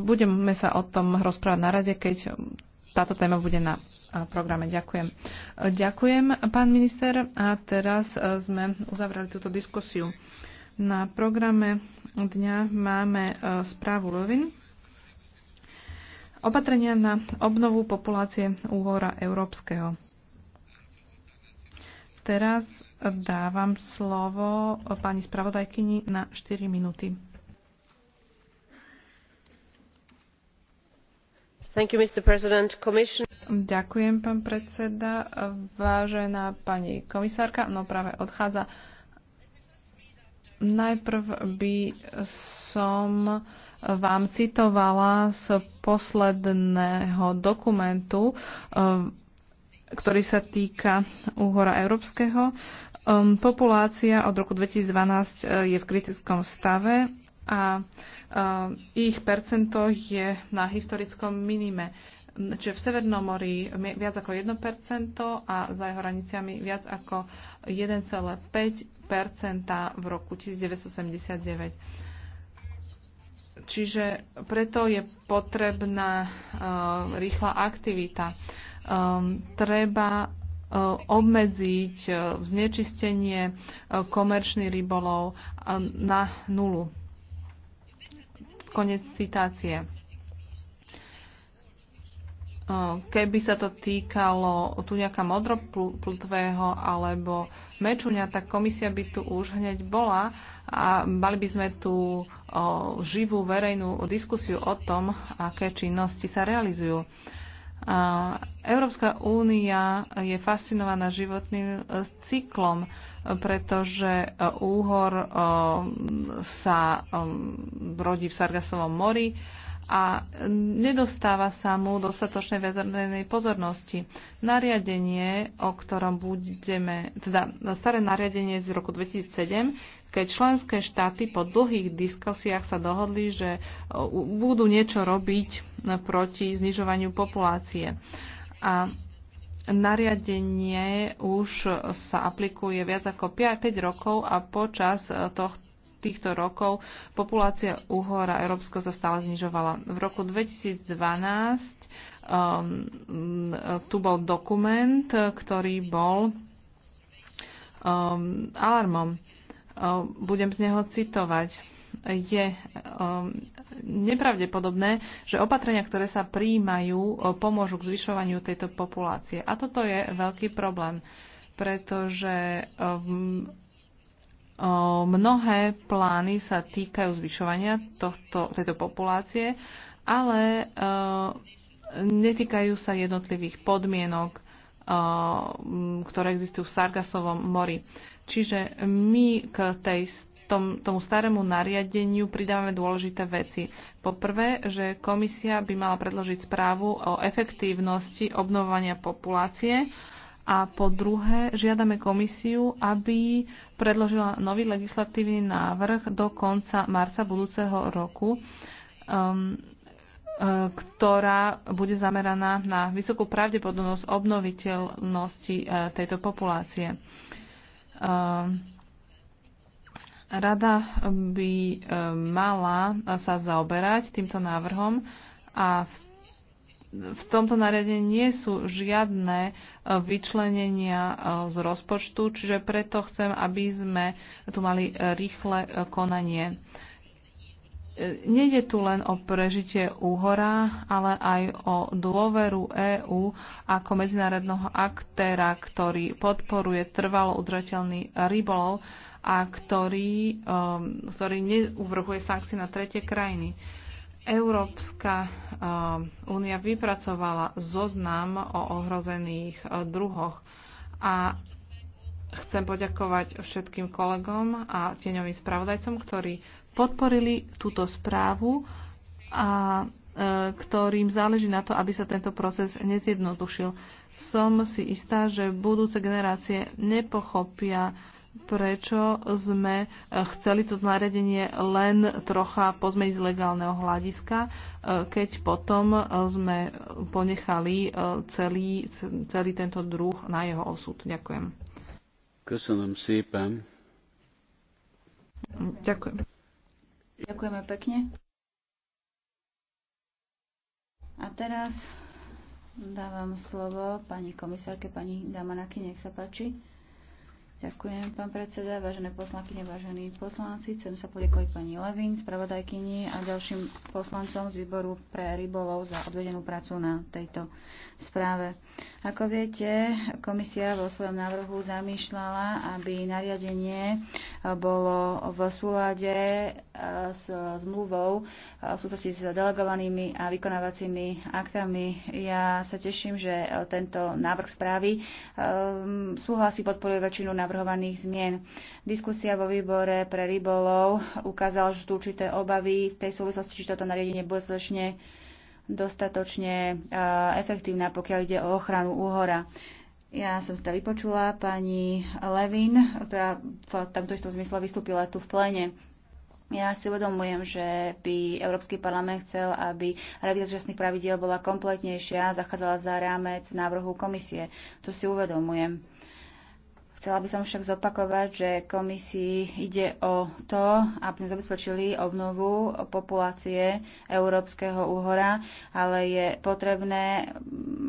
budeme sa o tom rozprávať na rade, keď táto téma bude na programe. Ďakujem. Ďakujem, pán minister. A teraz e, sme uzavrali túto diskusiu. Na programe dňa máme e, správu Lovin. Opatrenia na obnovu populácie úhora európskeho. Teraz dávam slovo pani spravodajkyni na 4 minúty. Ďakujem, pán predseda. Vážená pani komisárka, no práve odchádza. Najprv by som vám citovala z posledného dokumentu, eh, ktorý sa týka úhora európskeho. Ehm, populácia od roku 2012 eh, je v kritickom stave a eh, ich percento je na historickom minime. Čiže v Severnom mori viac ako 1% a za jeho hraniciami viac ako 1,5% v roku 1979. Čiže preto je potrebná uh, rýchla aktivita. Um, treba uh, obmedziť uh, znečistenie uh, komerčných rybolov uh, na nulu. Konec citácie. Keby sa to týkalo tu nejaká modroplutvého alebo mečuňa, tak komisia by tu už hneď bola a mali by sme tu živú verejnú diskusiu o tom, aké činnosti sa realizujú. Európska únia je fascinovaná životným e, cyklom, e, pretože e, úhor sa rodí v Sargasovom mori a nedostáva sa mu dostatočnej väzernej pozornosti. Nariadenie, o ktorom budeme, teda staré nariadenie z roku 2007 keď členské štáty po dlhých diskusiách sa dohodli, že e, budú niečo robiť e, proti znižovaniu populácie. A nariadenie už sa aplikuje viac ako 5, 5 rokov a počas e, tohto týchto rokov populácia uhora Európsko sa stále znižovala. V roku 2012 um, tu bol dokument, ktorý bol um, alarmom budem z neho citovať. Je nepravdepodobné, že opatrenia, ktoré sa príjmajú, pomôžu k zvyšovaniu tejto populácie. A toto je veľký problém, pretože mnohé plány sa týkajú zvyšovania tohto, tejto populácie, ale netýkajú sa jednotlivých podmienok, ktoré existujú v Sargasovom mori. Čiže my k tej, tom, tomu starému nariadeniu pridávame dôležité veci. Poprvé, že komisia by mala predložiť správu o efektívnosti obnovovania populácie a po druhé, žiadame komisiu, aby predložila nový legislatívny návrh do konca marca budúceho roku, um, e, ktorá bude zameraná na vysokú pravdepodobnosť obnoviteľnosti e, tejto populácie. Rada by e, mala sa zaoberať týmto návrhom a v v tomto nariadení nie sú žiadne e, vyčlenenia e, z rozpočtu, čiže preto chcem, aby sme tu mali rýchle konanie. Nejde tu len o prežitie úhora, ale aj o dôveru EÚ ako medzinárodného aktéra, ktorý podporuje trvalo udržateľný rybolov a ktorý, um, ktorý neuvrhuje sankcie na tretie krajiny. Európska um, únia um, vypracovala zoznam o ohrozených uh, druhoch a chcem poďakovať všetkým kolegom a tieňovým spravodajcom, ktorí podporili túto správu a e, ktorým záleží na to, aby sa tento proces nezjednodušil. Som si istá, že budúce generácie nepochopia, prečo sme e, chceli to nariadenie len trocha pozmeniť z legálneho hľadiska, e, keď potom sme ponechali celý, celý tento druh na jeho osud. Ďakujem. Ďakujem. Ďakujeme pekne. A teraz dávam slovo pani komisárke, pani Damanaky, nech sa páči. Ďakujem, pán predseda, vážené poslankyne, vážení poslanci. Chcem sa poďakovať pani Levín, spravodajkyni a ďalším poslancom z výboru pre rybolov za odvedenú prácu na tejto správe. Ako viete, komisia vo svojom návrhu zamýšľala, aby nariadenie bolo v súlade e, s zmluvou e, v súvislosti s delegovanými a vykonávacími aktami. Ja sa teším, že e, tento návrh správy súhlasí podporuje väčšinu navrhovaných zmien. Diskusia vo výbore pre rybolov ukázala, že sú určité obavy v tej súvislosti, či toto nariadenie bude dostatočne dostatočne efektívna, pokiaľ ide o ochranu úhora. Ja som sa vypočula pani Levin, ktorá v tomto istom zmysle vystúpila tu v plene. Ja si uvedomujem, že by Európsky parlament chcel, aby revízia súčasných pravidiel bola kompletnejšia, a zachádzala za rámec návrhu komisie. To si uvedomujem. Chcela by som však zopakovať, že komisii ide o to, aby sme zabezpečili obnovu populácie európskeho úhora, ale je potrebné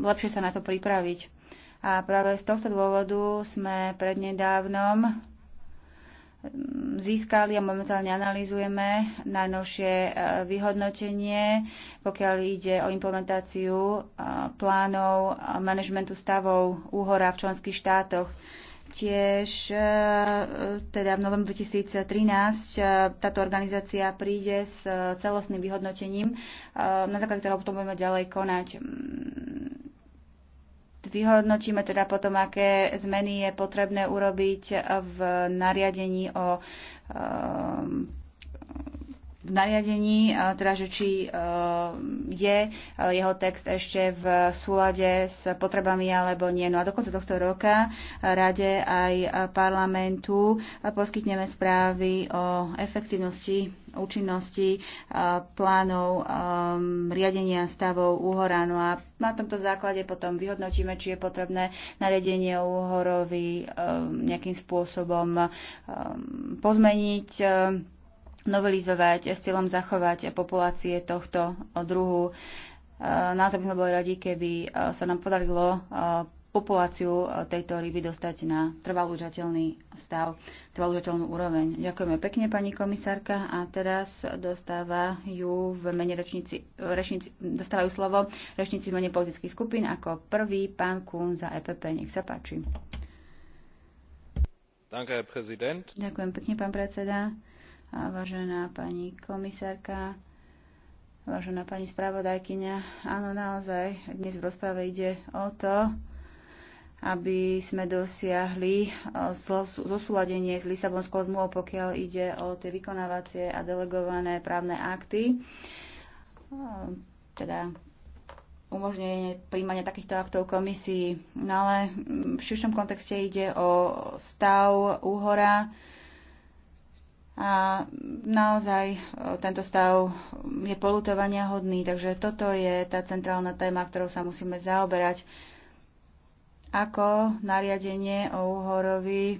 lepšie sa na to pripraviť. A práve z tohto dôvodu sme prednedávnom mm, získali a momentálne analýzujeme najnovšie e, vyhodnotenie, pokiaľ ide o implementáciu e, plánov manažmentu stavov úhora v členských štátoch. Tiež e, teda v novembri 2013 táto organizácia príde s celostným vyhodnotením, na základe ktorého potom budeme ďalej konať mm, Vyhodnotíme teda potom, aké zmeny je potrebné urobiť v nariadení o v nariadení, e, teda že či e, je e, jeho text ešte v súlade s potrebami alebo nie. No a do konca tohto roka rade aj parlamentu poskytneme správy o efektivnosti, účinnosti plánov riadenia stavov úhora. No a na tomto základe potom vyhodnotíme, či je potrebné nariadenie úhorovi nejakým spôsobom pozmeniť novelizovať s cieľom zachovať populácie tohto druhu. E, nás by sme boli radi, keby e, sa nám podarilo e, populáciu tejto ryby dostať na trvalúžateľný stav, trvalúžateľnú úroveň. Ďakujeme pekne, pani komisárka. A teraz dostávajú v mene rečníci, rečníci, dostávajú slovo rečníci v mene politických skupín ako prvý pán Kún za EPP. Nech sa páči. Danke, Ďakujem pekne, pán predseda a vážená pani komisárka, vážená pani spravodajkyňa. Áno, naozaj, dnes v rozprave ide o to, aby sme dosiahli e, zosúladenie s Lisabonskou zmluvou, pokiaľ ide o tie vykonávacie a delegované právne akty, e, teda umožnenie príjmania takýchto aktov komisii. No ale v širšom kontexte ide o stav úhora, a naozaj e, tento stav je polutovania hodný, takže toto je tá centrálna téma, ktorou sa musíme zaoberať. Ako nariadenie o úhorovi v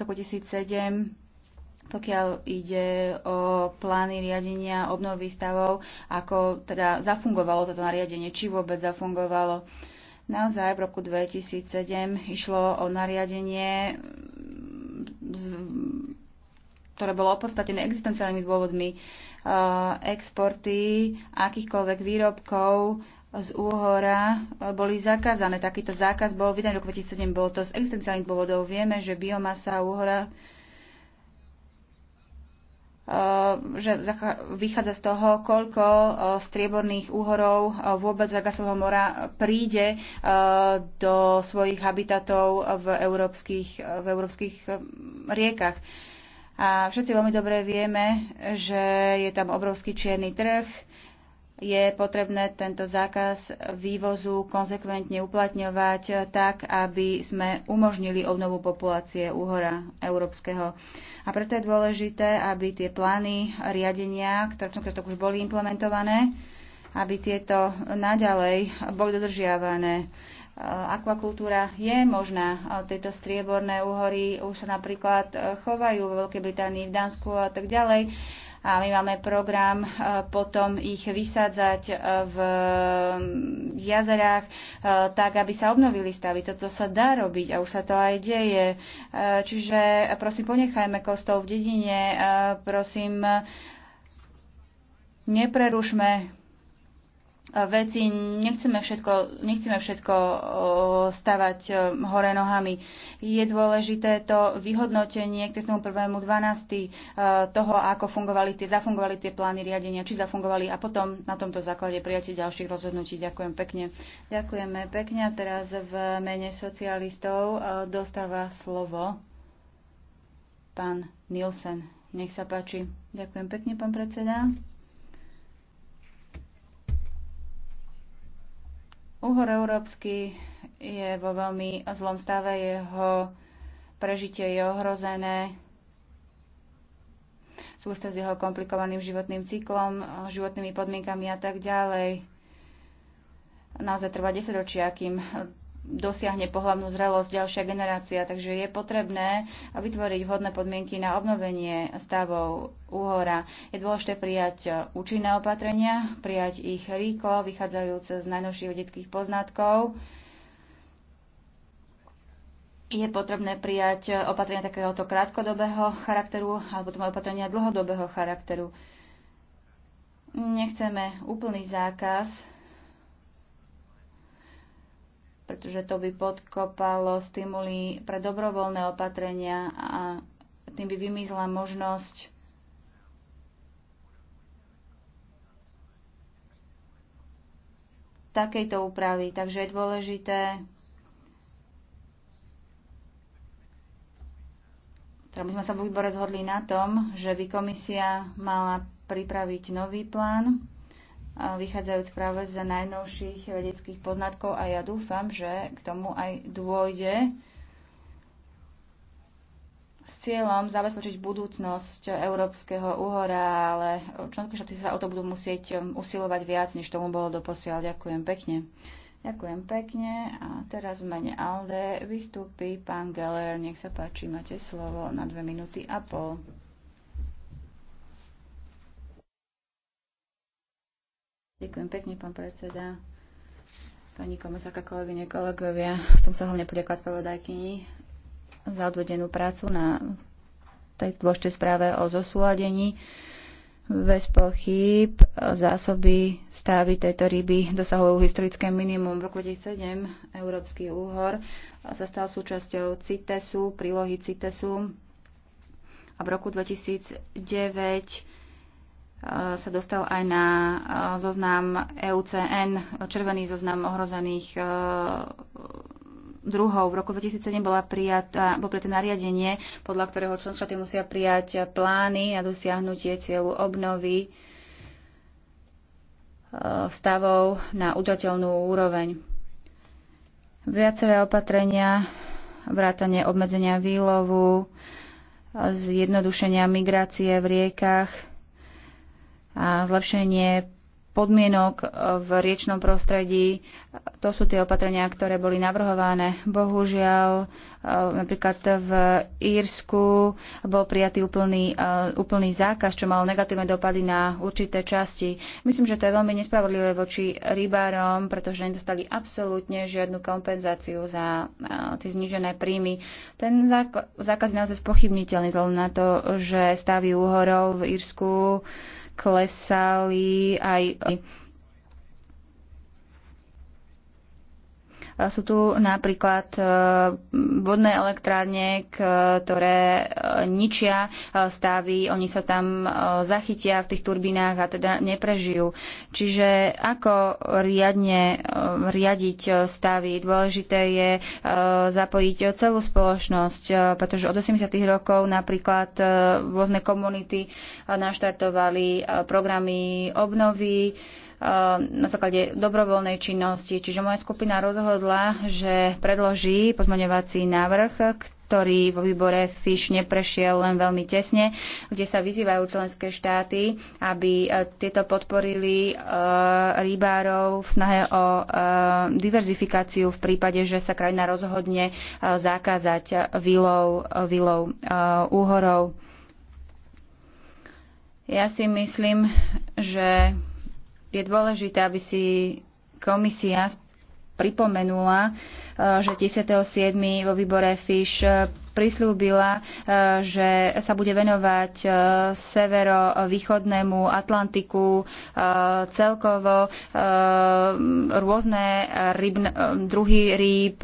roku 2007 pokiaľ ide o plány riadenia obnovy stavov, ako teda zafungovalo toto nariadenie, či vôbec zafungovalo. Naozaj v roku 2007 išlo o nariadenie z ktoré bolo opodstatené existenciálnymi dôvodmi, e, exporty akýchkoľvek výrobkov z úhora e, boli zakázané. Takýto zákaz bol vydaný v roku 2007, bolo to z existenciálnych dôvodov. Vieme, že biomasa úhora e, že vychádza z toho, koľko strieborných úhorov vôbec z mora príde do svojich habitatov v európskych, v európskych riekach. A všetci veľmi dobre vieme, že je tam obrovský čierny trh, je potrebné tento zákaz vývozu konzekventne uplatňovať tak, aby sme umožnili obnovu populácie úhora európskeho. A preto je dôležité, aby tie plány riadenia, ktoré som už boli implementované, aby tieto naďalej boli dodržiavané. Eh, akvakultúra je možná. Tieto strieborné úhory už sa napríklad eh, chovajú v Veľkej Británii, v Dánsku a tak ďalej. A my máme program eh, potom ich vysádzať v mm, jazerách tak, aby sa obnovili stavy. Toto sa dá robiť a už sa to aj deje. Čiže prosím, ponechajme kostov v dedine, prosím, neprerušme veci, nechceme všetko, nechceme všetko stavať hore nohami. Je dôležité to vyhodnotenie k 12. E, toho, ako fungovali tie, zafungovali tie plány riadenia, či zafungovali a potom na tomto základe prijatie ďalších rozhodnutí. Ďakujem pekne. Ďakujeme pekne a teraz v mene socialistov e, dostáva slovo pán Nielsen. Nech sa páči. Ďakujem pekne, pán predseda. Uhor európsky je vo veľmi zlom stave, jeho prežitie je ohrozené. Súvisť s jeho komplikovaným životným cyklom, životnými podmienkami a tak ďalej. Naozaj trvá 10 ročia, kým dosiahne pohľavnú zrelosť ďalšia generácia, takže je potrebné vytvoriť vhodné podmienky na obnovenie stavov úhora. Je dôležité prijať e, účinné opatrenia, prijať ich rýchlo, vychádzajúce z najnovších vedeckých poznatkov. Je potrebné prijať e, opatrenia takéhoto krátkodobého charakteru alebo potom opatrenia dlhodobého charakteru. Nechceme úplný zákaz pretože to by podkopalo stimuly pre dobrovoľné opatrenia a tým by vymizla možnosť takejto úpravy. Takže je dôležité teda my sme sa v výbore zhodli na tom, že by komisia mala pripraviť nový plán vychádzajúc práve z najnovších vedeckých poznatkov a ja dúfam, že k tomu aj dôjde s cieľom zabezpečiť budúcnosť Európskeho úhora, ale členské štáty sa o to budú musieť um, usilovať viac, než tomu bolo doposiaľ. Ďakujem pekne. Ďakujem pekne a teraz v mene ALDE vystúpi pán Geller. Nech sa páči, máte slovo na dve minúty a pol. Ďakujem pekne, pán predseda. Pani komisárka, kolegyne, kolegovia, chcem sa hlavne poďakovať spravodajkyni za odvedenú prácu na tej dôležitej správe o zosúladení. Bez pochyb zásoby stávy tejto ryby dosahujú historické minimum. V roku 2007 Európsky úhor sa stal súčasťou CITESu, prílohy CITESu a v roku 2009 Eh, sa dostal aj na eh, zoznam EUCN, červený zoznam ohrozených eh, druhov. V roku 2007 bola prijatá, bol prijaté nariadenie, podľa ktorého členské štáty musia prijať plány na dosiahnutie cieľu obnovy stavov na udateľnú úroveň. Viaceré opatrenia, vrátanie obmedzenia výlovu, zjednodušenia migrácie v riekach, a zlepšenie podmienok v riečnom prostredí. To sú tie opatrenia, ktoré boli navrhované. Bohužiaľ, e, napríklad v Írsku bol prijatý úplný, e, úplný zákaz, čo mal negatívne dopady na určité časti. Myslím, že to je veľmi nespravodlivé voči rybárom, pretože nedostali absolútne žiadnu kompenzáciu za e, tie znížené príjmy. Ten zákaz je naozaj spochybniteľný, vzhľadom na to, že stavy úhorov v Írsku klesali aj Sú tu napríklad e, vodné elektrárne, ktoré e, ničia e, stavy, oni sa tam zachytia v tých turbinách a teda neprežijú. Čiže ako riadne riadiť stavy? Dôležité je zapojiť celú spoločnosť, pretože od 80. rokov napríklad rôzne komunity naštartovali programy obnovy, na základe dobrovoľnej činnosti. Čiže moja skupina rozhodla, že predloží pozmaňovací návrh, ktorý vo výbore fish neprešiel len veľmi tesne, kde sa vyzývajú členské štáty, aby e, tieto podporili e, rybárov v snahe o e, diverzifikáciu v prípade, že sa krajina rozhodne zakázať výlov, výlov úhorov. Ja si myslím, že je dôležité, aby si komisia pripomenula, eh, že 10.7. vo výbore FISH eh, prislúbila, e, že sa bude venovať e, severovýchodnému Atlantiku e, celkovo rôzne rybn, druhý rýb.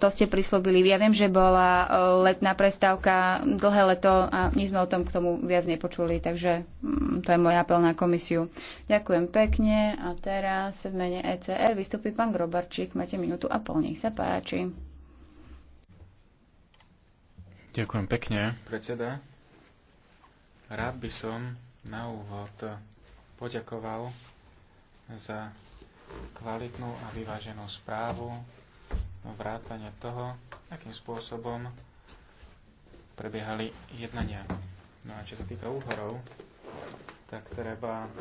To ste prislúbili. Ja viem, že bola letná prestávka, dlhé leto a my sme o tom k tomu viac nepočuli, takže mm, to je môj apel na komisiu. Ďakujem pekne a teraz v mene ECR vystupí pán Grobarčík. Máte minútu a pol, nech sa páči. Ďakujem pekne. Predseda, rád by som na úvod poďakoval za kvalitnú a vyváženú správu, vrátane toho, akým spôsobom prebiehali jednania. No a čo sa týka úhorov, tak treba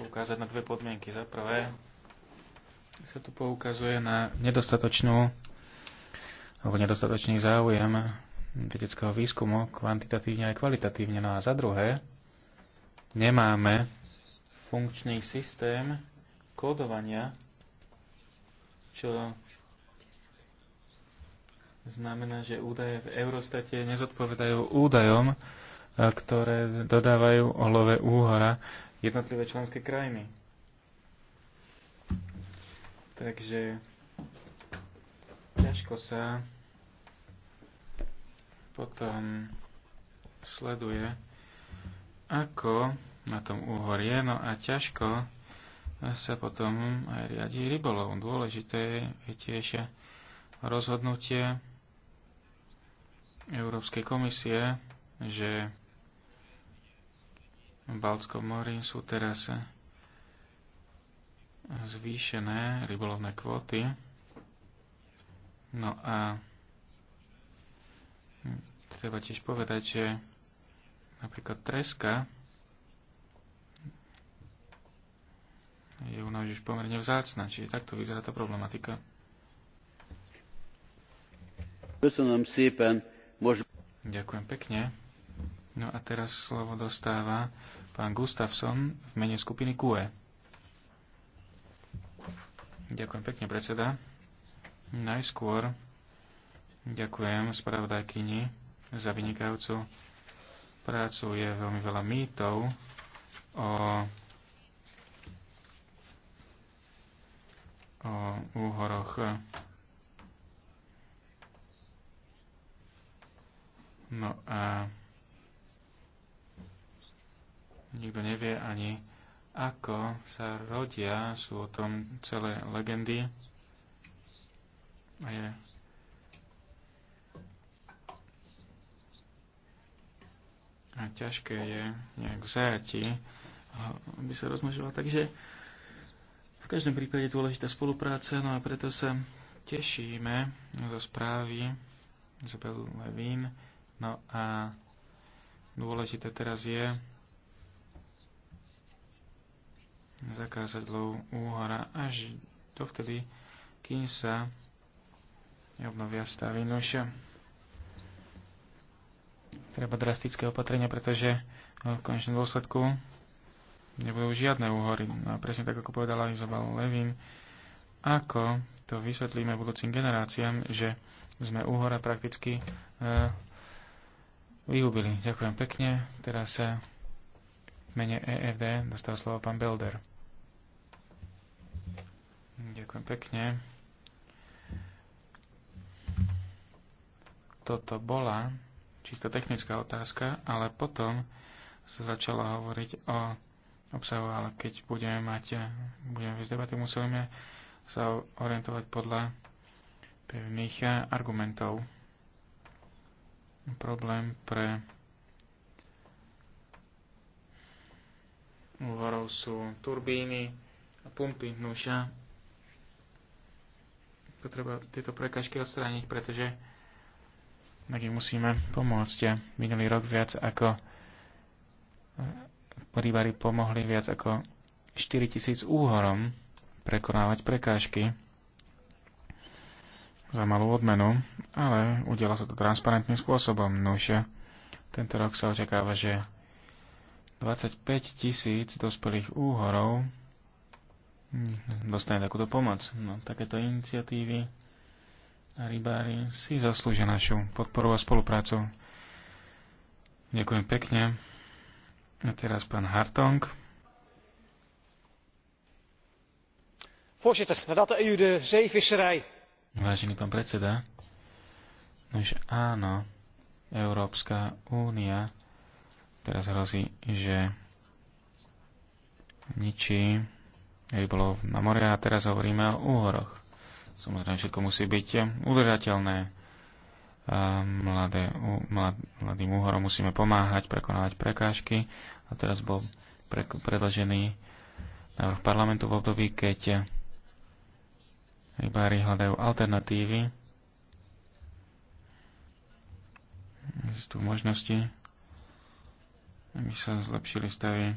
poukázať na dve podmienky. Za prvé, sa tu poukazuje na nedostatočnú alebo nedostatočný záujem vedeckého výskumu kvantitatívne aj kvalitatívne. No a za druhé, nemáme funkčný systém kódovania, čo znamená, že údaje v Eurostate nezodpovedajú údajom, ktoré dodávajú olové úhora jednotlivé členské krajiny. Takže ťažko sa potom sleduje, ako na tom úhorie, no a ťažko sa potom aj riadí rybolov. Dôležité je tiež rozhodnutie Európskej komisie, že v Balckom mori sú teraz zvýšené rybolovné kvóty. No a Treba tiež povedať, že napríklad treska je u nás už pomerne vzácna, čiže takto vyzerá tá problematika. Ďakujem pekne. No a teraz slovo dostáva pán Gustafsson v mene skupiny QE. Ďakujem pekne, predseda. Najskôr ďakujem spravodajkyni za vynikajúcu prácu. Je veľmi veľa mýtov o, o úhoroch. No a nikto nevie ani, ako sa rodia, sú o tom celé legendy. A je a ťažké je nejak zajati, aby sa rozmnožila. Takže v každom prípade je dôležitá spolupráca, no a preto sa tešíme zo správy Izabel Levín. No a dôležité teraz je zakázať lov úhora až dovtedy, kým sa obnovia stavy noša treba drastické opatrenia, pretože no, v konečnom dôsledku nebudú žiadne úhory. No a presne tak, ako povedala Izabel Levin, ako to vysvetlíme budúcim generáciám, že sme úhora prakticky e, vyhubili. Ďakujem pekne. Teraz sa v mene EFD dostal slovo pán Belder. Ďakujem pekne. Toto bola čisto technická otázka, ale potom sa začalo hovoriť o obsahu, ale keď budeme mať, budeme viesť debaty, musíme sa orientovať podľa pevných argumentov. Problém pre úvorov sú turbíny a pumpy hnúša. Treba tieto prekažky odstrániť, pretože tak im musíme pomôcť. Minulý rok viac ako eh, rybári pomohli viac ako 4000 úhorom prekonávať prekážky za malú odmenu, ale udialo sa to transparentným spôsobom. Nuž, tento rok sa očakáva, že 25 tisíc dospelých úhorov dostane takúto pomoc. No, takéto iniciatívy a rybári si zaslúžia našu podporu a spoluprácu. Ďakujem pekne. A teraz pán Hartong. Voorzitter, nadat de EU de zeevisserij... Vážený pán predseda, nož áno, Európska únia teraz hrozí, že ničí rybolov na more a teraz hovoríme o úhoroch. Samozrejme, všetko musí byť eh, udržateľné. Eh, mladé, mlad, mladým úhorom musíme pomáhať, prekonávať prekážky. A teraz bol pre, predložený návrh parlamentu v období, keď eh, rybári hľadajú alternatívy. Existujú možnosti, aby sa zlepšili stavy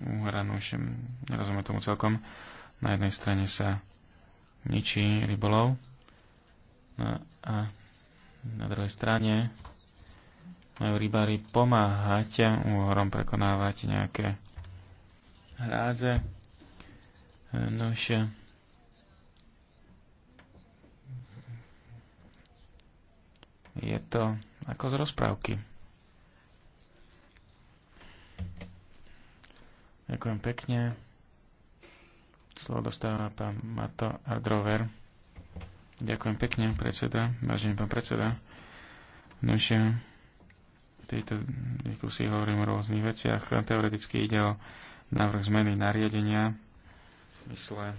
úhora, no už tomu celkom. Na jednej strane sa ničí rybolov. No a na druhej strane majú rybári pomáhať úhorom prekonávať nejaké hrádze. Nož je to ako z rozprávky. Ďakujem pekne. Slovo dostáva pán Mato Ardrover. Ďakujem pekne, predseda, vážený pán predseda. Nože, v tejto diskusii hovorím o rôznych veciach. Teoreticky ide o návrh zmeny nariadenia, mysle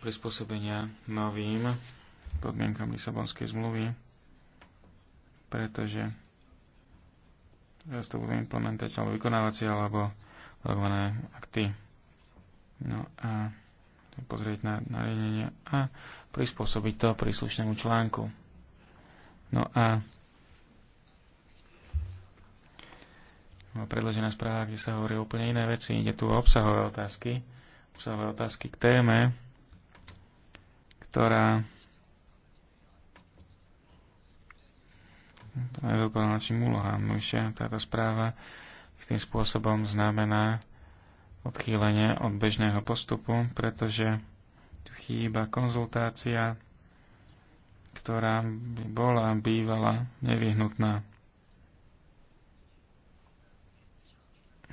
prispôsobenia novým podmienkam Lisabonskej zmluvy, pretože teraz to budú implementať alebo vykonávacie alebo legované akty No a pozrieť na nariadenie a prispôsobiť to príslušnému článku. No a no, predložená správa, kde sa hovorí úplne iné veci. Ide tu o obsahové otázky. Obsahové otázky k téme, ktorá to je zodpovedná či úlohám. Už táto správa s tým spôsobom znamená odchýlenie od bežného postupu, pretože tu chýba konzultácia, ktorá by bola bývala nevyhnutná.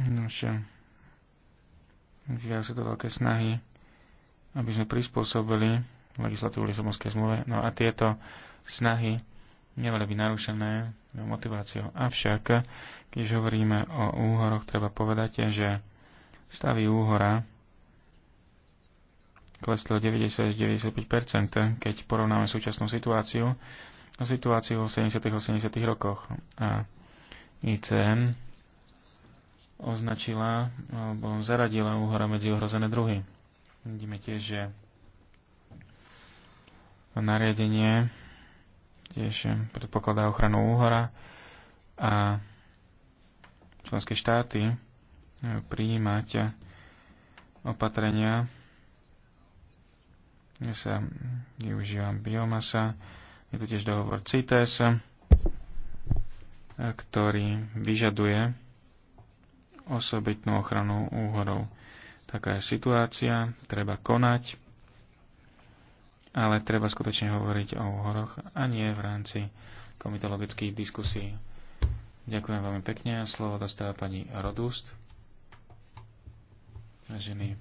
Nože, vyvíjajú sa to veľké snahy, aby sme prispôsobili legislatívu Lisabonskej zmluve. No a tieto snahy neboli by narušené motiváciou. Avšak, keď hovoríme o úhoroch, treba povedať, že Stavy úhora klesli o 90-95%, keď porovnáme súčasnú situáciu a situáciu v 70. 80. -tych rokoch. A ICN označila alebo zaradila úhora medzi ohrozené druhy. Vidíme tiež, že nariadenie tiež predpokladá ochranu úhora a členské štáty prijímať opatrenia, kde sa využíva biomasa. Je to tiež dohovor CITES, ktorý vyžaduje osobitnú ochranu úhorov. Taká je situácia, treba konať, ale treba skutočne hovoriť o úhoroch a nie v rámci komitologických diskusí. Ďakujem veľmi pekne a slovo dostáva pani Rodust. Vážený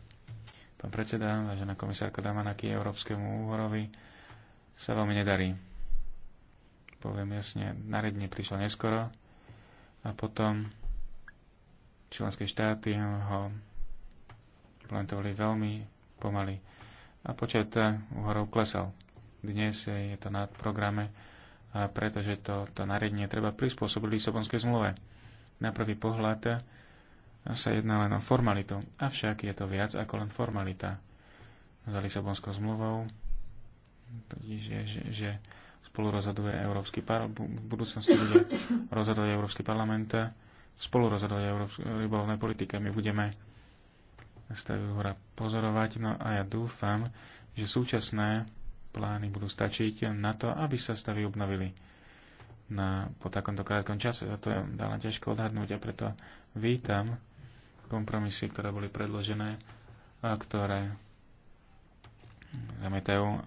pán predseda, vážená komisárka Damanaky, Európskemu úhorovi sa veľmi nedarí. Poviem jasne, naredne prišlo neskoro a potom členské štáty ho implementovali veľmi pomaly a počet úhorov klesal. Dnes je to na programe, pretože to, to nariadenie treba prispôsobiť Lisabonskej zmluve. Na prvý pohľad sa jedná len o formalitu. Avšak je to viac ako len formalita. Za Lisabonskou zmluvou totiž je, že, že spolu rozhoduje Európsky parlament, v budúcnosti bude rozhodovať Európsky parlament, spolu rozhodovať Európskej rybolovnej politike. My budeme stavu hora pozorovať, no a ja dúfam, že súčasné plány budú stačiť na to, aby sa stavy obnovili na, po takomto krátkom čase. Za to je len ťažko odhadnúť a preto vítam kompromisy, ktoré boli predložené a ktoré zamietajú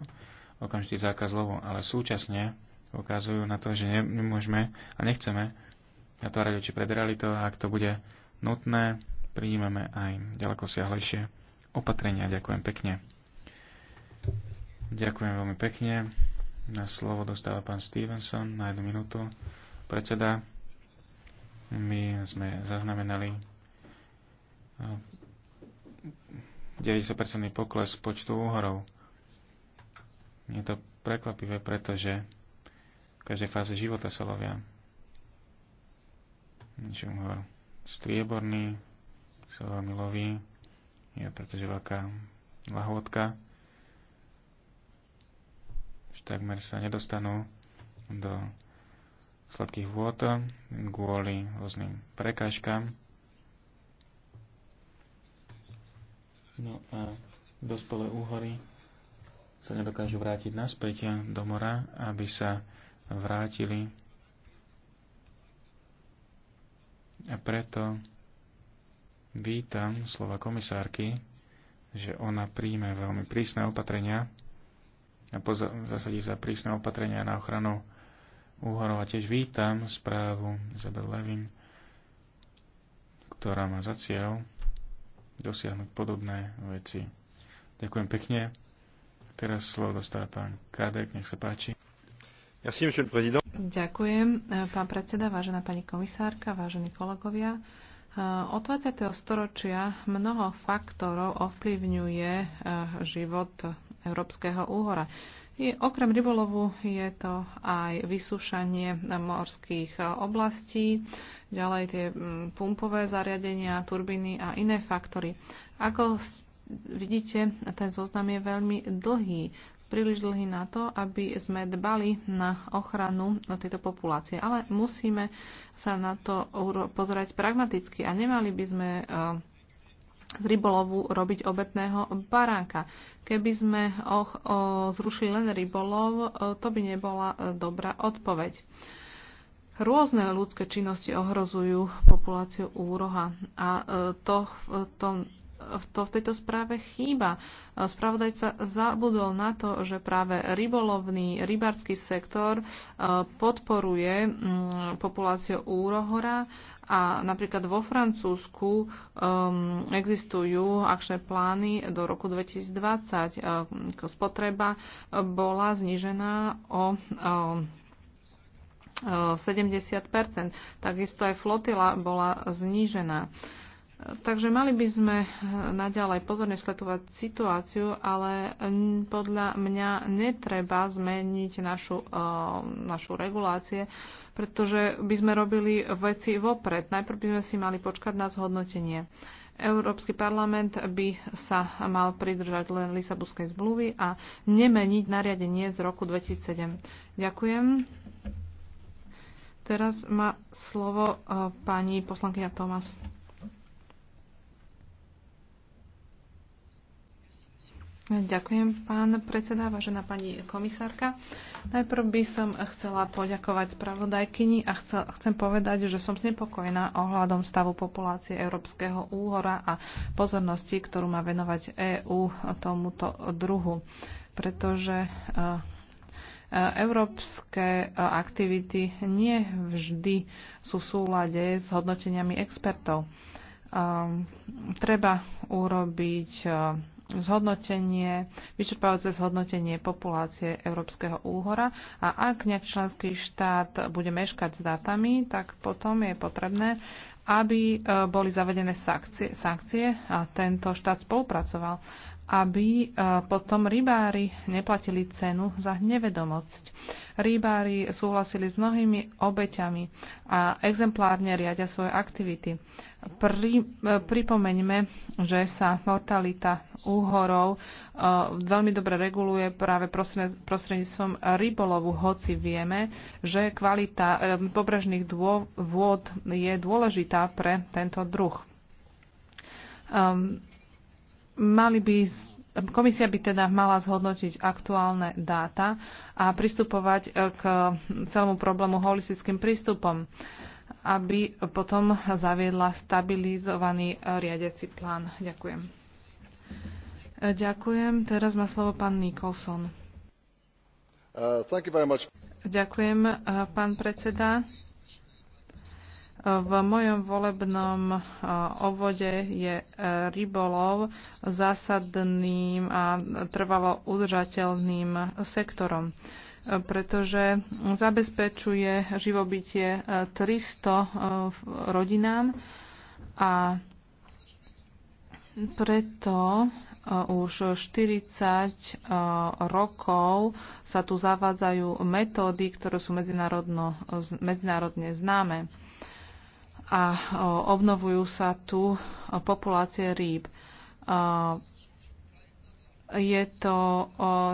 okamžitý zákaz lovu, ale súčasne ukazujú na to, že nemôžeme a nechceme natvárať oči pred realitou a ak to bude nutné, príjmeme aj ďaleko siahlejšie opatrenia. Ďakujem pekne. Ďakujem veľmi pekne. Na slovo dostáva pán Stevenson na jednu minútu. Predseda, my sme zaznamenali 90% pokles počtu úhorov. Je to prekvapivé, pretože v každej fáze života sa lovia. Úhor strieborný, sa veľmi loví, je pretože veľká lahôdka. Už takmer sa nedostanú do sladkých vôd kvôli rôznym prekážkam. No a dospelé úhory sa nedokážu vrátiť naspäť do mora, aby sa vrátili. A preto vítam slova komisárky, že ona príjme veľmi prísne opatrenia a zasadí za prísne opatrenia na ochranu úhorov. A tiež vítam správu Isabel Levin, ktorá má za cieľ dosiahnuť podobné veci. Ďakujem pekne. Teraz slovo dostáva pán Kadek, nech sa páči. Ďakujem, e, pán predseda, vážená pani komisárka, vážení kolegovia. E, od 20. storočia mnoho faktorov ovplyvňuje e, život európskeho úhora okrem rybolovu je to aj vysúšanie morských oblastí, ďalej tie mm, pumpové zariadenia, turbíny a iné faktory. Ako vidíte, ten zoznam je veľmi dlhý, príliš dlhý na to, aby sme dbali na ochranu tejto populácie. Ale musíme sa na to pozerať pragmaticky a nemali by sme eh, z rybolovu robiť obetného baránka. Keby sme och, o, zrušili len rybolov, o, to by nebola e, dobrá odpoveď. Rôzne ľudské činnosti ohrozujú populáciu úroha a e, to v tom to v tejto správe chýba. Spravodajca zabudol na to, že práve rybolovný, rybársky sektor e, podporuje populáciu úrohora a napríklad vo Francúzsku um, existujú akčné plány do roku 2020. E, spotreba bola znížená o, o 70 Takisto aj flotila bola znížená. Takže mali by sme eh, naďalej pozorne sledovať situáciu, ale podľa mňa netreba zmeniť našu, eh, našu regulácie, pretože by sme robili veci vopred. Najprv by sme si mali počkať na zhodnotenie. Európsky parlament by sa mal pridržať len Lisabonskej zmluvy a nemeniť nariadenie z roku 2007. Ďakujem. Teraz má slovo eh, pani poslankyňa Tomas. Ďakujem, pán predseda, vážená pani komisárka. Najprv by som chcela poďakovať spravodajkyni a chcel, chcem povedať, že som znepokojená ohľadom stavu populácie Európskeho úhora a pozornosti, ktorú má venovať EÚ tomuto druhu, pretože e, e, európske e, aktivity nie vždy sú v súlade s hodnoteniami expertov. Treba urobiť zhodnotenie, vyčerpávajúce zhodnotenie populácie Európskeho úhora a ak nejaký členský štát bude meškať s datami, tak potom je potrebné, aby e, boli zavedené sankcie, sankcie a tento štát spolupracoval aby e, potom rybári neplatili cenu za nevedomosť. Rybári súhlasili s mnohými obeťami a exemplárne riadia svoje aktivity. Pri, e, pripomeňme, že sa mortalita úhorov e, veľmi dobre reguluje práve prostredníctvom rybolovu, hoci vieme, že kvalita pobrežných vôd je dôležitá pre tento druh. Ehm, mali by Komisia by teda mala zhodnotiť aktuálne dáta a pristupovať eh, k celému problému holistickým prístupom, aby potom zaviedla stabilizovaný eh, riadiaci plán. Ďakujem. Eh, ďakujem. Teraz má slovo pán Nicholson. Uh, Ďakujem, pán predseda. V mojom volebnom obvode je e, rybolov zásadným a trvalo udržateľným sektorom e, pretože zabezpečuje živobytie 300 e, rodinám a preto už 40 rokov sa tu zavádzajú metódy, ktoré sú medzinárodne známe a obnovujú sa tu populácie rýb. Je to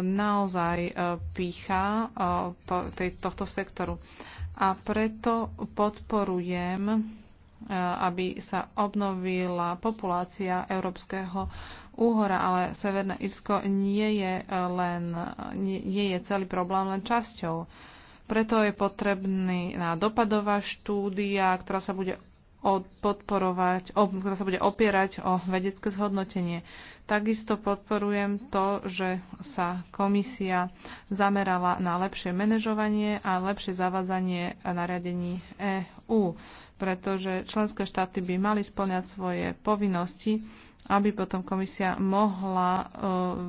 naozaj pícha tohto sektoru. A preto podporujem, aby sa obnovila populácia európskeho úhora, ale Severné Irsko nie je, len, nie je celý problém len časťou preto je na dopadová štúdia, ktorá sa bude podporovať, ktorá sa bude opierať o vedecké zhodnotenie. Takisto podporujem to, že sa komisia zamerala na lepšie manažovanie a lepšie zavádzanie nariadení EÚ, pretože členské štáty by mali splňať svoje povinnosti, aby potom komisia mohla uh,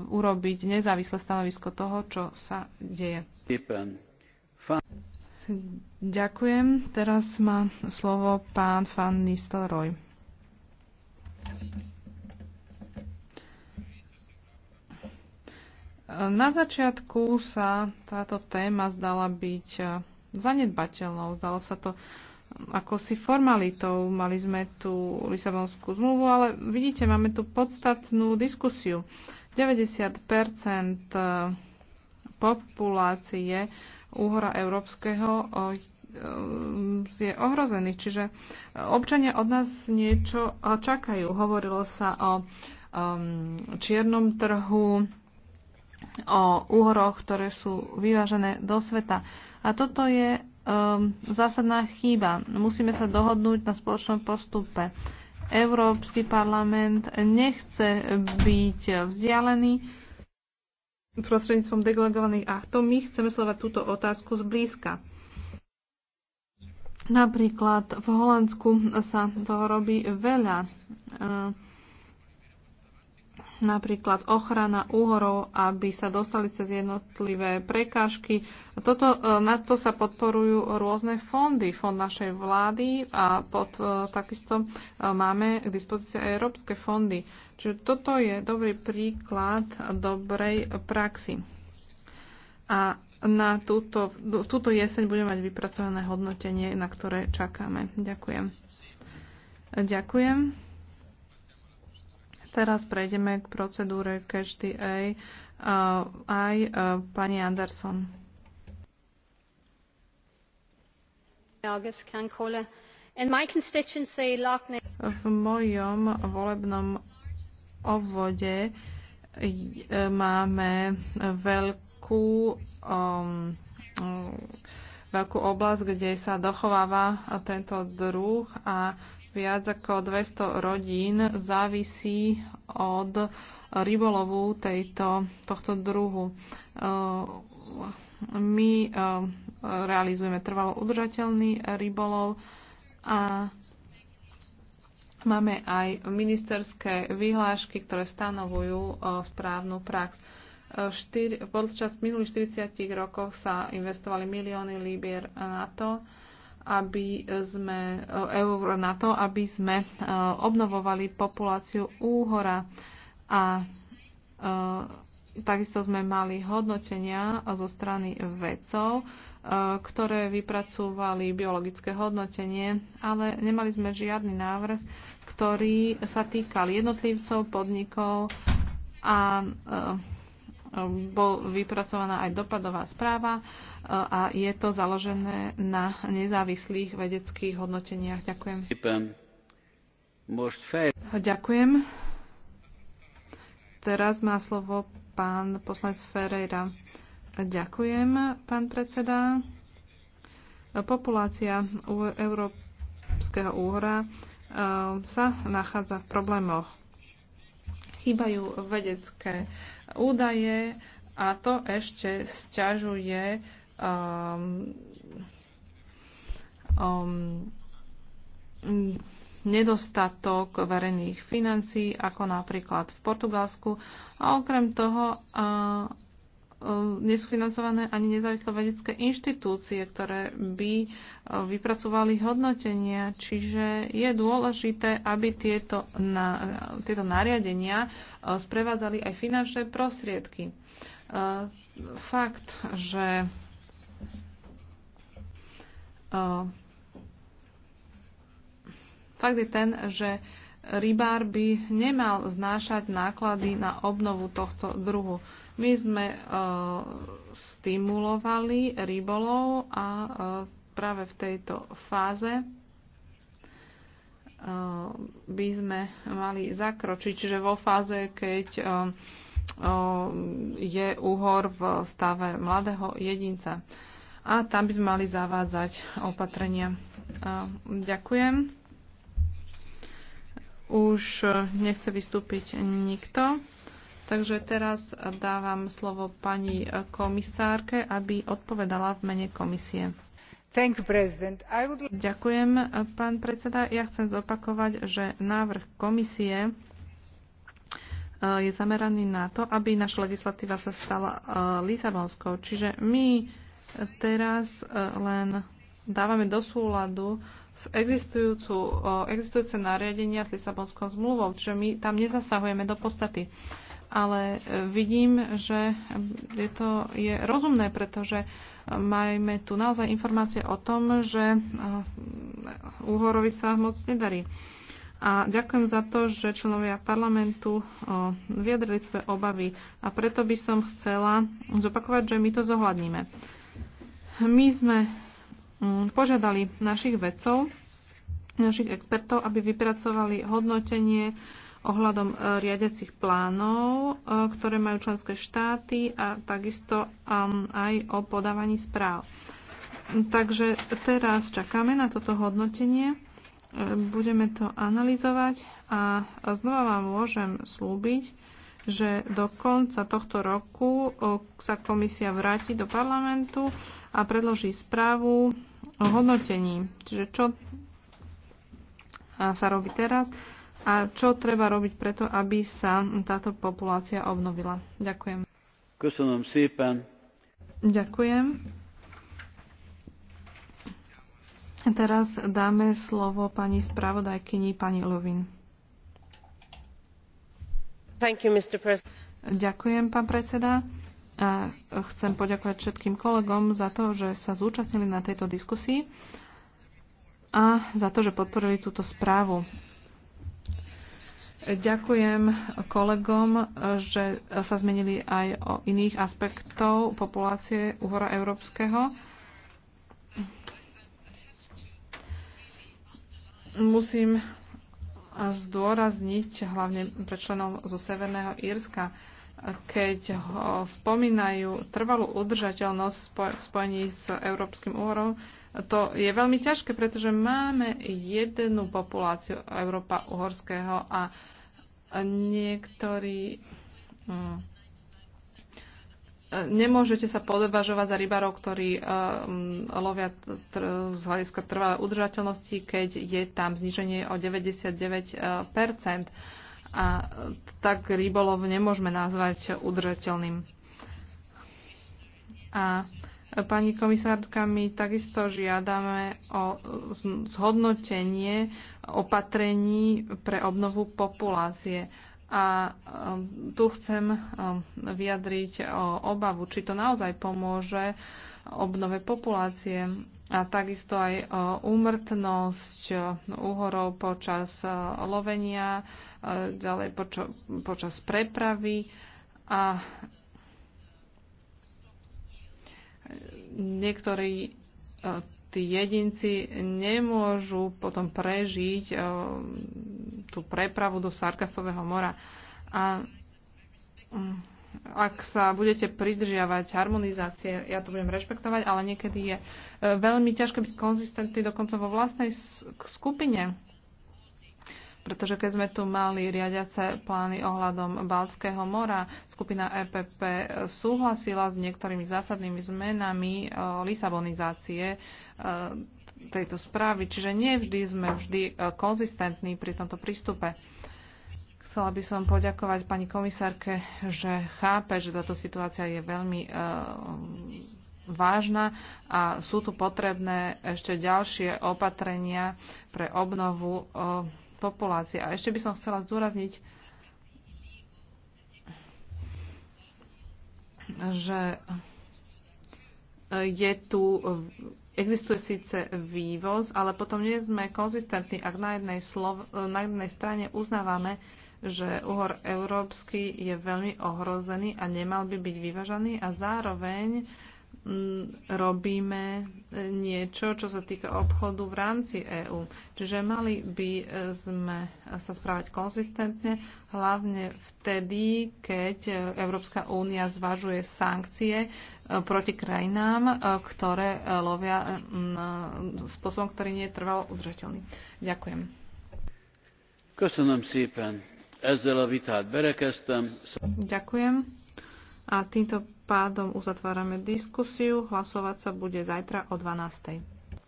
urobiť nezávislé stanovisko toho, čo sa deje. Ďakujem. Ďakujem. Teraz má slovo pán Fan Nistelrooy. Na začiatku sa táto téma zdala byť eh, zanedbateľnou. Zdalo sa to eh, ako si formalitou. Mali sme tu Lisabonskú zmluvu, ale vidíte, máme tu podstatnú diskusiu. 90 eh, populácie úhora európskeho je ohrozený. Čiže občania od nás niečo čakajú. Hovorilo sa o čiernom trhu, o úhoroch, ktoré sú vyvážené do sveta. A toto je zásadná chyba. Musíme sa dohodnúť na spoločnom postupe. Európsky parlament nechce byť vzdialený prostredníctvom delegovaných aktov, my chceme sledovať túto otázku zblízka. Napríklad v Holandsku sa toho robí veľa. E, napríklad ochrana úhorov, aby sa dostali cez jednotlivé prekážky. Toto, e, na to sa podporujú rôzne fondy, fond našej vlády a pod, e, takisto e, máme k dispozícii aj európske fondy. Čiže toto je dobrý príklad dobrej praxi. A na túto, túto jeseň budeme mať vypracované hodnotenie, na ktoré čakáme. Ďakujem. Ďakujem. Teraz prejdeme k procedúre Catch the A. Aj pani Anderson. V mojom volebnom obvode e, máme veľkú um, e, veľkú oblasť, kde sa dochováva tento druh a Viac ako 200 rodín závisí od rybolovu tejto, tohto druhu. E, my e, realizujeme trvalo udržateľný rybolov a máme aj ministerské vyhlášky, ktoré stanovujú e, správnu prax. Štyri, počas minulých 40 rokov sa investovali milióny líbier na to, aby sme, eur na to, aby sme e, obnovovali populáciu úhora a e, takisto sme mali hodnotenia zo strany vedcov, e, ktoré vypracúvali biologické hodnotenie, ale nemali sme žiadny návrh, ktorý sa týkal jednotlivcov, podnikov a bol vypracovaná aj dopadová správa e, a je to založené na nezávislých vedeckých hodnoteniach. Ďakujem. Ďakujem. Teraz má slovo pán poslanec Ferreira. Ďakujem, pán predseda. Populácia Európskeho úhora e, sa nachádza v problémoch. Chýbajú vedecké údaje a to ešte sťažuje um, um, nedostatok verejných financií, ako napríklad v Portugalsku. A okrem toho uh, Ehm, nie sú financované ani nezávislé vedecké inštitúcie, ktoré by e, vypracovali hodnotenia. Čiže je dôležité, aby tieto, na, tieto nariadenia e, sprevádzali aj finančné prostriedky. E, fakt, že fakt je ten, že rybár by nemal znášať náklady na obnovu tohto druhu. My sme uh, stimulovali rybolov a uh, práve v tejto fáze e, by sme mali zakročiť, čiže vo fáze, keď je úhor v stave mladého jedinca. A tam by sme mali zavádzať opatrenia. Ďakujem. Už nechce vystúpiť nikto. Takže teraz dávam slovo pani komisárke, aby odpovedala v mene komisie. You, would... Ďakujem, pán predseda. Ja chcem zopakovať, že návrh komisie e, je zameraný na to, aby naša legislatíva sa stala e, Lisabonskou. Čiže my teraz e, len dávame do súladu s existujúcu, existujúce nariadenia s Lisabonskou zmluvou, čiže my tam nezasahujeme do podstaty ale e, vidím, že je to je rozumné, pretože máme tu naozaj informácie o tom, že e, úhorovi sa moc nedarí. A ďakujem za to, že členovia parlamentu e, vyjadrili svoje obavy a preto by som chcela zopakovať, že my to zohľadníme. My sme mm, požiadali našich vedcov, našich expertov, aby vypracovali hodnotenie ohľadom e, riadiacich plánov, e, ktoré majú členské štáty a takisto um, aj o podávaní správ. Takže teraz čakáme na toto hodnotenie, e, budeme to analyzovať a znova vám môžem slúbiť, že do konca tohto roku sa komisia vráti do parlamentu a predloží správu o hodnotení. Čiže čo sa robí teraz? a čo treba robiť preto, aby sa táto populácia obnovila. Ďakujem. Ďakujem. Teraz dáme slovo pani spravodajkyni, pani Lovin. You, Ďakujem, pán predseda. A chcem poďakovať všetkým kolegom za to, že sa zúčastnili na tejto diskusii a za to, že podporili túto správu. Ďakujem kolegom, že sa zmenili aj o iných aspektov populácie uhora európskeho. Musím zdôrazniť, hlavne pre členov zo Severného Írska, keď ho spomínajú trvalú udržateľnosť v spojení s Európskym úhorom, to je veľmi ťažké, pretože máme jednu populáciu Európa uhorského a niektorí hm, nemôžete sa podvažovať za rybárov, ktorí hm, lovia tr- z hľadiska trvalej udržateľnosti, keď je tam zniženie o 99 a tak rybolov nemôžeme nazvať udržateľným. A Pani komisárka, my takisto žiadame o zhodnotenie opatrení pre obnovu populácie. A um, tu chcem um, vyjadriť uh, obavu, či to naozaj pomôže obnove populácie a takisto aj uh, úmrtnosť úhorov uh, počas lovenia, ďalej počas prepravy a niektorí e, tí jedinci nemôžu potom prežiť e, tú prepravu do Sarkasového mora. A mm, ak sa budete pridržiavať harmonizácie, ja to budem rešpektovať, ale niekedy je e, veľmi ťažké byť konzistentný dokonca vo vlastnej skupine. Pretože keď sme tu mali riadiace plány ohľadom Baltského mora, skupina EPP súhlasila s niektorými zásadnými zmenami e, lisabonizácie e, tejto správy. Čiže nevždy sme vždy e, konzistentní pri tomto prístupe. Chcela by som poďakovať pani komisárke, že chápe, že táto situácia je veľmi e, vážna a sú tu potrebné ešte ďalšie opatrenia pre obnovu e, populácie. A ešte by som chcela zdôrazniť, že je tu, existuje síce vývoz, ale potom nie sme konzistentní, ak na jednej, slov, na jednej strane uznávame, že uhor európsky je veľmi ohrozený a nemal by byť vyvažaný a zároveň Mm, robíme e, niečo, čo sa týka obchodu v rámci EÚ. Čiže mali by e, sme sa správať konzistentne, hlavne vtedy, keď e, Európska únia zvažuje sankcie proti krajinám, ktoré lovia spôsobom, ktorý nie je trvalo udržateľný. Ďakujem. Ďakujem. A týmto pádom uzatvárame diskusiu. Hlasovať sa bude zajtra o 12.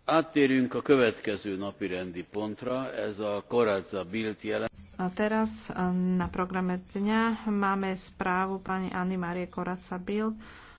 Áttérünk a következő napi rendi pontra, ez a Koradza Bild jelen. A teraz eh, na programe dňa máme správu pani Anny Marie Koradza Bild